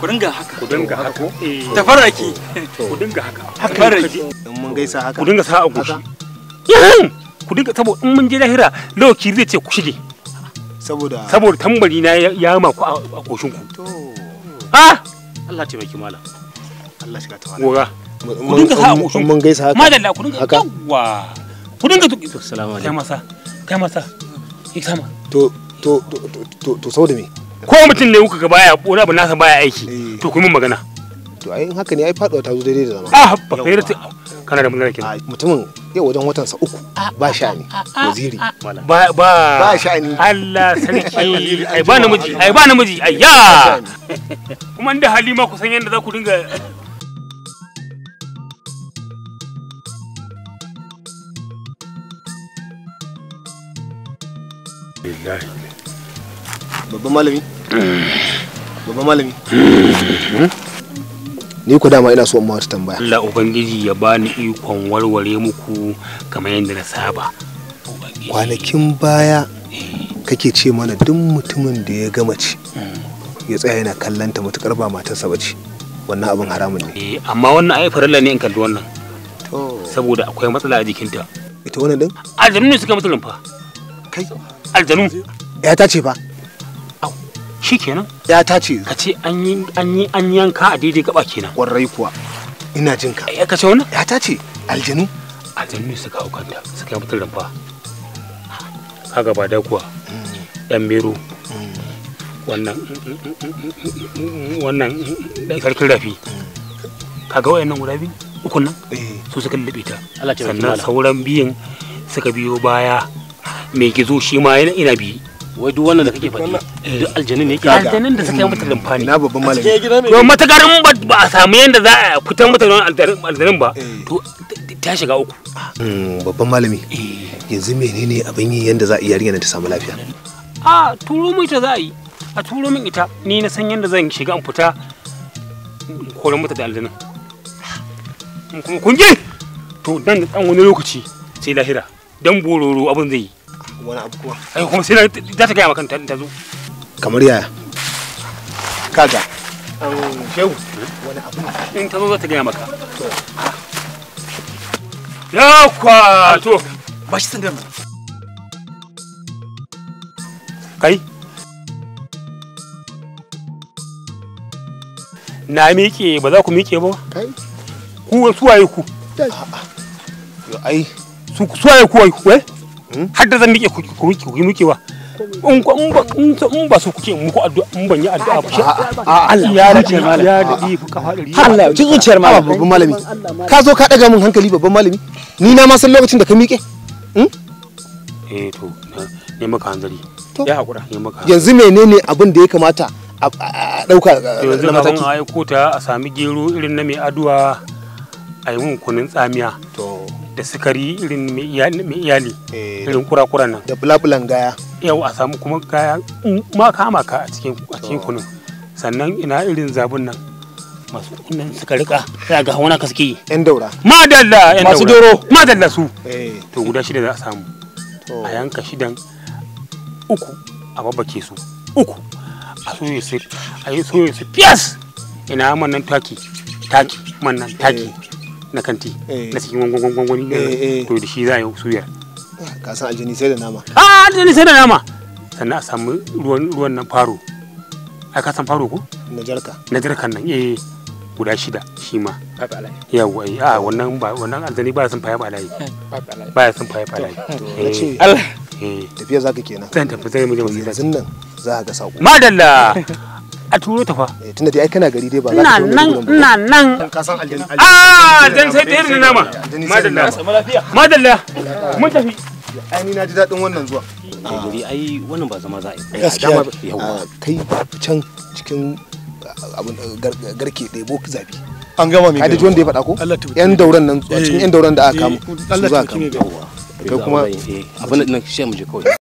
ku dinga haka ku dinga haka ta faraki ku dinga haka haka in mun gaisa haka ku dinga sa'a goshi ku dinga saboda in mun je lahira lokaci zai ce ku shige saboda saboda tambari na ya ma ku a koshin ku to ha Allah ta baki Allah shiga ta goga ku dinga sa'a goshin mun gaisa haka madalla ku dinga yawa ku dinga assalamu alaikum kai masa kai masa ikama to to to to saboda me ko mutum ne kuka baya wani abu nasa baya aiki eh. to kuma magana to ai haka ne ai faduwa ta zo daidai da zama ah ba kai da kana da mutane mutumin yau wajen watan sa uku ah, ba sha'ani ah, ah, waziri ba ba ba sha'ani Allah sarki ai ba namiji ai ba namiji ayya kuma inda halima ku san yadda za ku dinga Lillahi. Babban malami? Baba malami. Ni ku dama ina so amma wata tambaya. Allah Ubangiji ya bani ikon warware muku kamar yadda na saba. Kwanakin baya kake ce mana duk mutumin da ya gama ci ya tsaya yana kallanta matukar ba matarsa ba ce wannan abin haramun ne. Eh, amma wannan ai farilla ne in kalli wannan. Saboda akwai matsala a jikinta. Ita wannan din? Aljanu ne suka mutu fa. Kai? Aljanu. Ya ta ce fa. shi kenan ya ta ce ka ce an yi an yanka a daidai gaba kenan warrai kuwa ina jin ka ya kace wannan ya ta ce aljanu aljanu ne suka hau kanta suka yi mutar rumfa kaga ba da kuwa dan mero wannan wannan sarkin rafi kaga wayannan guda biyu ukun nan eh. su suka lullube ta sannan sauran biyan suka biyo baya mai gizo shi ma yana ina biyu wai duk wannan da kake faɗi duk aljanin ne yake aljanin da suka yi mata limfani na babban malami to matakar in ba a samu yanda za a fitar mata da aljanin ba eh. to ta shiga uku hmm, babban malami eh. yanzu menene abin yi yanda za a iya yarinya ta samu lafiya a turo mai ta za a yi a turo min ita ni na san yanda zan shiga in fita koran mata da aljanin kun ji to dan da dan wani lokaci sai lahira dan bororo abin zai yi wani abu kuma ai kuma sai za ta gaya maka ta zo kamar yaya kaga shehu wani abu in ta zo za ta gaya maka ya kwa to ba shi san gama kai na miƙe ba za ku miƙe ba ku suwaye ku ai suwaye ku wai har da zan miƙe ku yi nukewa in ba so kuke muku addu'a in ban yi addu'a ba shi Allah ya rike malam ya dadi kafa dari Allah ya ci zuciyar malami babban malami ka zo ka daga mun hankali babban malami ni na ma san lokacin da ka miƙe hmm? eh to ne maka hanzari ya hakura ne maka yanzu menene abin da ya kamata a dauka yanzu na mataki yanzu a aiko ta a sami gero irin na mai addu'a a yi mun kunin tsamiya to da sukari irin mai iyali eh, irin kurakura nan da bulabulan gaya yau a samu kuma gaya ma kama ka a cikin kunu sannan ina irin zabun nan masu kunan suka rika sai ga hawana ka suke yan daura madalla yan daura masu doro madalla su eh. to guda shida za a samu a yanka shidan uku a babbake su uku a soye su a yi soye su fiyas ina man nan taki taki man nan taki eh. na kanti eh. na cikin gwangwani eh, eh. to da shi za a yi suyar ka san aljini sai da nama a ah, aljini sai da nama sannan a samu ruwan ruwan nan faro a ka san faro ko na jarka na jarkan nan eh guda shida shi ma yawa a ah, wannan ba wannan aljini ba sun faye ba alayi ba sun faye ba alayi Allah tafiya zaka kenan zan tafi zai mu je mu yanzu nan za ka ga sako madalla a turo ta fa eh, tunda dai ai kana gari dai ba za ka nan na nan ka san aljin ah, dan sai da irin nama madalla madalla mun tafi ai ni na ji dadin wannan zuwa eh, gari ai wannan ba zama za a yi gaskiya ah, kai can cikin ah, abun garke da ɗebo zabi an gama mai gari wanda ya faɗa ko yan dauran nan cikin eh, yan dauran da aka kama su za ka kai kuma abin nan shi mu je kawai